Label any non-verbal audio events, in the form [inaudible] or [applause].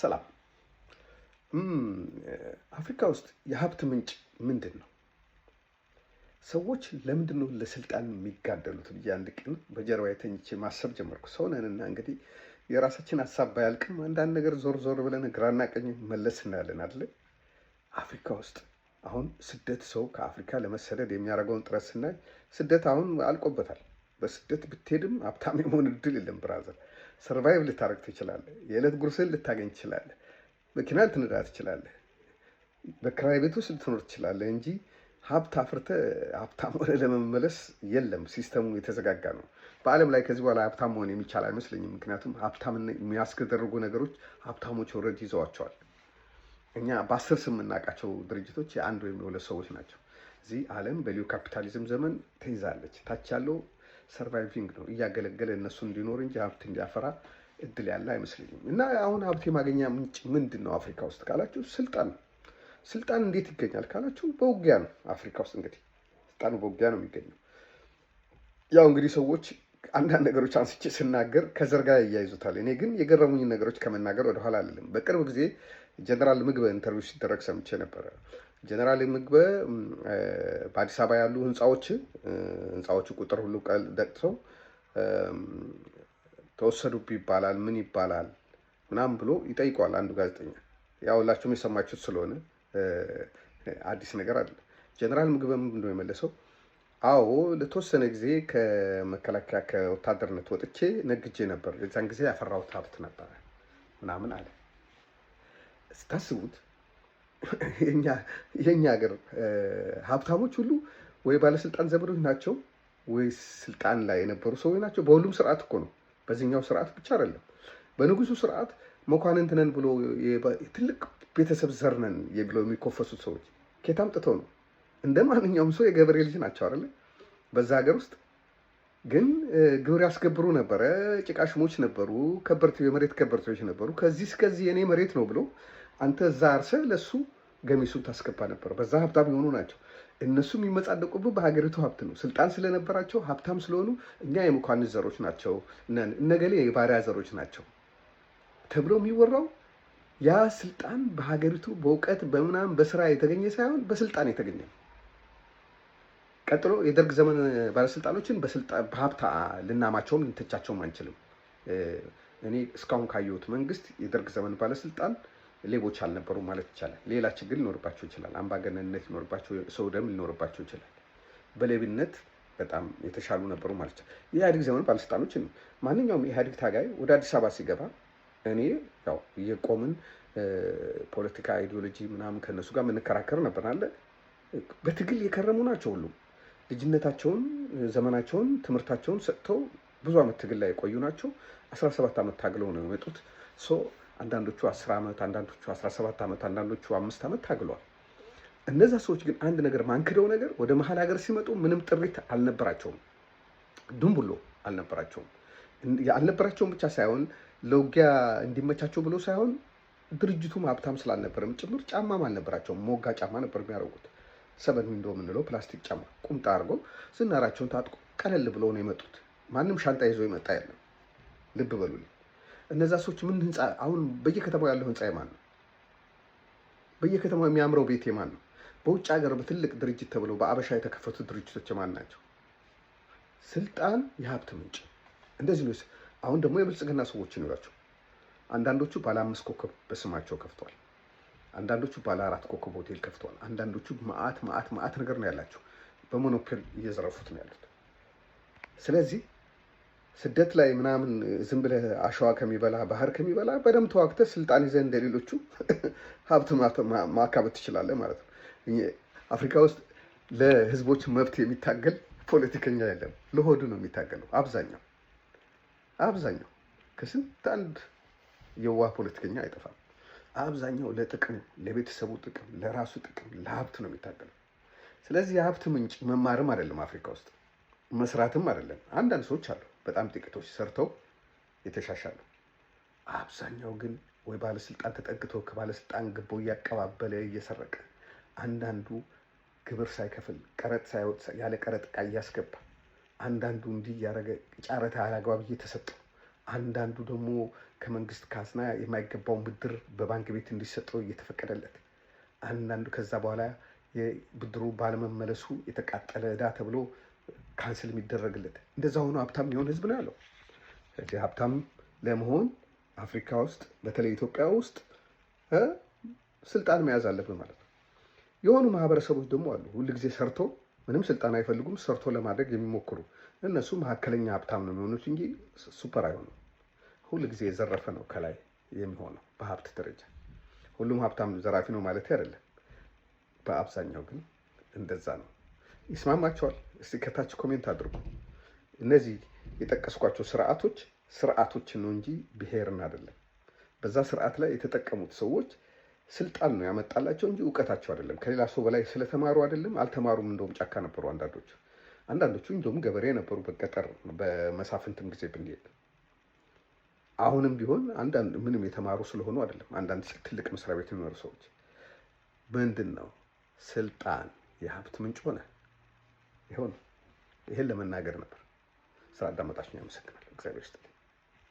ሰላም። አፍሪካ ውስጥ የሀብት ምንጭ ምንድን ነው? ሰዎች ለምንድን ነው ለስልጣን የሚጋደሉት ብዬ አንድ ቀን በጀርባ የተኝቼ ማሰብ ጀመርኩ። ሰው እንግዲህ የራሳችን ሀሳብ ባያልቅም አንዳንድ ነገር ዞር ዞር ብለን ግራና ቀኝ መለስ እናያለን አለ። አፍሪካ ውስጥ አሁን ስደት ሰው ከአፍሪካ ለመሰደድ የሚያደርገውን ጥረት ስናይ ስደት አሁን አልቆበታል። በስደት ብትሄድም ሀብታም የመሆን እድል የለም ብራዘር ሰርቫይቭ ልታደርግ ትችላለህ። የዕለት ጉርስህን ልታገኝ ትችላለህ። መኪና ልትነዳ ትችላለህ። በክራይ ቤት ውስጥ ልትኖር ትችላለህ እንጂ ሀብት አፍርተህ ሀብታም ሆነ ለመመለስ የለም። ሲስተሙ የተዘጋጋ ነው። በዓለም ላይ ከዚህ በኋላ ሀብታም መሆን የሚቻል አይመስለኝም። ምክንያቱም ሀብታም የሚያስገደርጉ ነገሮች ሀብታሞች ወረድ ይዘዋቸዋል። እኛ በአስር ስም የምናውቃቸው ድርጅቶች የአንድ ወይም የሁለት ሰዎች ናቸው። እዚህ ዓለም በሊዮ ካፒታሊዝም ዘመን ተይዛለች። ታች ያለው ሰርቫይቪንግ ነው እያገለገለ እነሱ እንዲኖር እንጂ ሀብት እንዲያፈራ እድል ያለ አይመስለኝም። እና አሁን ሀብት የማገኛ ምንጭ ምንድን ነው አፍሪካ ውስጥ ካላችሁ ስልጣን ስልጣን እንዴት ይገኛል ካላችሁ በውጊያ ነው። አፍሪካ ውስጥ እንግዲህ ስልጣኑ በውጊያ ነው የሚገኘው። ያው እንግዲህ ሰዎች አንዳንድ ነገሮች አንስቼ ስናገር ከዘር ጋር ያያይዙታል። እኔ ግን የገረሙኝን ነገሮች ከመናገር ወደኋላ አልልም። በቅርብ ጊዜ ጀነራል ምግበ ኢንተርቪው ሲደረግ ሰምቼ ነበረ። ጀነራል ምግበ በአዲስ አበባ ያሉ ህንፃዎች ህንፃዎቹ ቁጥር ሁሉ ደቅሰው ተወሰዱብ ይባላል ምን ይባላል ምናምን ብሎ ይጠይቀዋል አንዱ ጋዜጠኛ። ያው ሁላችሁም የሰማችሁት ስለሆነ አዲስ ነገር አለ። ጀነራል ምግበ ምንድን ነው የመለሰው? አዎ ለተወሰነ ጊዜ ከመከላከያ ከወታደርነት ወጥቼ ነግጄ ነበር። የዛን ጊዜ ያፈራሁት ሀብት ነበረ ምናምን አለ። ስታስቡት የእኛ ሀገር ሀብታሞች ሁሉ ወይ ባለስልጣን ዘመዶች ናቸው ወይ ስልጣን ላይ የነበሩ ሰዎች ናቸው። በሁሉም ስርዓት እኮ ነው። በዚህኛው ስርዓት ብቻ አይደለም። በንጉሱ ስርዓት መኳንንት ነን ብሎ ትልቅ ቤተሰብ ዘር ነን ብለው የሚኮፈሱት ሰዎች ከየት አምጥተው ነው? እንደ ማንኛውም ሰው የገበሬ ልጅ ናቸው አይደለ? በዛ ሀገር ውስጥ ግን ግብር ያስገብሩ ነበረ። ጭቃ ሽሞች ነበሩ፣ ከበርቴ የመሬት ከበርቴዎች ነበሩ። ከዚህ እስከዚህ የኔ መሬት ነው ብሎ አንተ እዛ አርሰህ ለእሱ ገሚሱን ታስገባ ነበር። በዛ ሀብታም የሆኑ ናቸው። እነሱ የሚመጻደቁብህ በሀገሪቱ ሀብት ነው። ስልጣን ስለነበራቸው ሀብታም ስለሆኑ እኛ የመኳንንት ዘሮች ናቸው ነን፣ እነገሌ የባሪያ ዘሮች ናቸው ተብሎ የሚወራው ያ ስልጣን በሀገሪቱ በእውቀት በምናም በስራ የተገኘ ሳይሆን በስልጣን የተገኘ ቀጥሎ የደርግ ዘመን ባለስልጣኖችን በሀብት ልናማቸውም ልንተቻቸውም አንችልም። እኔ እስካሁን ካየሁት መንግስት የደርግ ዘመን ባለስልጣን ሌቦች አልነበሩ ማለት ይቻላል። ሌላ ችግር ሊኖርባቸው ይችላል። አምባገነንነት ሊኖርባቸው፣ ሰው ደም ሊኖርባቸው ይችላል። በሌብነት በጣም የተሻሉ ነበሩ ማለት ይቻላል። የኢህአዴግ ዘመን ባለስልጣኖች ማንኛውም የኢህአዴግ ታጋይ ወደ አዲስ አበባ ሲገባ እኔ ያው የቆምን ፖለቲካ አይዲዮሎጂ ምናምን ከነሱ ጋር የምንከራከር ነበር አለ። በትግል የከረሙ ናቸው። ሁሉም ልጅነታቸውን፣ ዘመናቸውን፣ ትምህርታቸውን ሰጥተው ብዙ ዓመት ትግል ላይ የቆዩ ናቸው። 17 ሰባት ዓመት ታግለው ነው የመጡት። አንዳንዶቹ አስር ዓመት አንዳንዶቹ አስራ ሰባት ዓመት አንዳንዶቹ አምስት ዓመት ታግሏል። እነዛ ሰዎች ግን አንድ ነገር ማንክደው ነገር ወደ መሀል ሀገር ሲመጡ ምንም ጥሪት አልነበራቸውም፣ ድንቡሎ አልነበራቸውም። አልነበራቸውም ብቻ ሳይሆን ለውጊያ እንዲመቻቸው ብሎ ሳይሆን ድርጅቱም ሀብታም ስላልነበረም ጭምር ጫማም አልነበራቸውም። ሞጋ ጫማ ነበር የሚያደርጉት ሰበን ዊንዶ የምንለው ፕላስቲክ ጫማ ቁምጣ አድርገው ዝናራቸውን ታጥቆ ቀለል ብለው ነው የመጡት። ማንም ሻንጣ ይዞ የመጣ የለም። ልብ በሉልኝ። እነዛ ሰዎች ምን ህንፃ አሁን በየከተማው ያለው ህንፃ የማን ነው? በየከተማው የሚያምረው ቤት የማን ነው? በውጭ ሀገር በትልቅ ድርጅት ተብለው በአበሻ የተከፈቱ ድርጅቶች የማን ናቸው? ስልጣን የሀብት ምንጭ እንደዚህ ነው። አሁን ደግሞ የብልጽግና ሰዎች ይኖራቸው። አንዳንዶቹ ባለ አምስት ኮከብ በስማቸው ከፍቷል። አንዳንዶቹ ባለ አራት ኮከብ ሆቴል ከፍቷል። አንዳንዶቹ ማአት ማአት ማአት ነገር ነው ያላቸው። በሞኖፖል እየዘረፉት ነው ያሉት። ስለዚህ ስደት ላይ ምናምን ዝም ብለህ አሸዋ ከሚበላ ባህር ከሚበላ በደንብ ተዋግተህ ስልጣን ይዘህ እንደ ሌሎቹ [laughs] ሀብት ማካበት ትችላለህ ማለት ነው። አፍሪካ ውስጥ ለህዝቦች መብት የሚታገል ፖለቲከኛ የለም። ለሆዱ ነው የሚታገለው አብዛኛው አብዛኛው ከስንት አንድ የዋህ ፖለቲከኛ አይጠፋም። አብዛኛው ለጥቅም ለቤተሰቡ ጥቅም፣ ለራሱ ጥቅም፣ ለሀብት ነው የሚታገለው። ስለዚህ የሀብት ምንጭ መማርም አይደለም አፍሪካ ውስጥ መስራትም አይደለም። አንዳንድ ሰዎች አሉ በጣም ጥቂቶች ሰርተው የተሻሻሉ፣ አብዛኛው ግን ወይ ባለስልጣን ተጠግቶ ከባለስልጣን ግቦ እያቀባበለ እየሰረቀ፣ አንዳንዱ ግብር ሳይከፍል ቀረጥ ሳይወጥ ያለ ቀረጥ ዕቃ እያስገባ፣ አንዳንዱ እንዲህ እያደረገ ጨረታ አላግባብ እየተሰጠ፣ አንዳንዱ ደግሞ ከመንግስት ካዝና የማይገባውን ብድር በባንክ ቤት እንዲሰጠው እየተፈቀደለት፣ አንዳንዱ ከዛ በኋላ ብድሩ ባለመመለሱ የተቃጠለ ዕዳ ተብሎ ካንስል የሚደረግለት እንደዛ ሆኖ ሀብታም የሚሆን ህዝብ ነው ያለው። ስለዚህ ሀብታም ለመሆን አፍሪካ ውስጥ በተለይ ኢትዮጵያ ውስጥ ስልጣን መያዝ አለብን ማለት ነው። የሆኑ ማህበረሰቦች ደግሞ አሉ ሁልጊዜ ሰርቶ ምንም ስልጣን አይፈልጉም፣ ሰርቶ ለማድረግ የሚሞክሩ እነሱ መካከለኛ ሀብታም ነው የሚሆኑት እንጂ ሱፐር አይሆኑም። ሁልጊዜ የዘረፈ ነው ከላይ የሚሆነው በሀብት ደረጃ። ሁሉም ሀብታም ዘራፊ ነው ማለት አይደለም። በአብዛኛው ግን እንደዛ ነው። ይስማማቸዋል? እስቲ ከታች ኮሜንት አድርጉ። እነዚህ የጠቀስኳቸው ስርዓቶች ስርዓቶችን ነው እንጂ ብሔርን አይደለም። በዛ ስርዓት ላይ የተጠቀሙት ሰዎች ስልጣን ነው ያመጣላቸው እንጂ እውቀታቸው አይደለም። ከሌላ ሰው በላይ ስለተማሩ አይደለም። አልተማሩም፣ እንደውም ጫካ ነበሩ አንዳንዶቹ። አንዳንዶቹ እንደውም ገበሬ ነበሩ በገጠር በመሳፍንትም ጊዜ ብንሄድ። አሁንም ቢሆን አንዳንድ ምንም የተማሩ ስለሆኑ አይደለም። አንዳንድ ትልቅ መስሪያ ቤት የሚኖሩ ሰዎች ምንድን ነው ስልጣን የሀብት ምንጭ ሆነ። ይሁን ይሄን ለመናገር ነበር። ስላዳመጣችሁ አመሰግናለሁ። እግዚአብሔር ይስጥልኝ።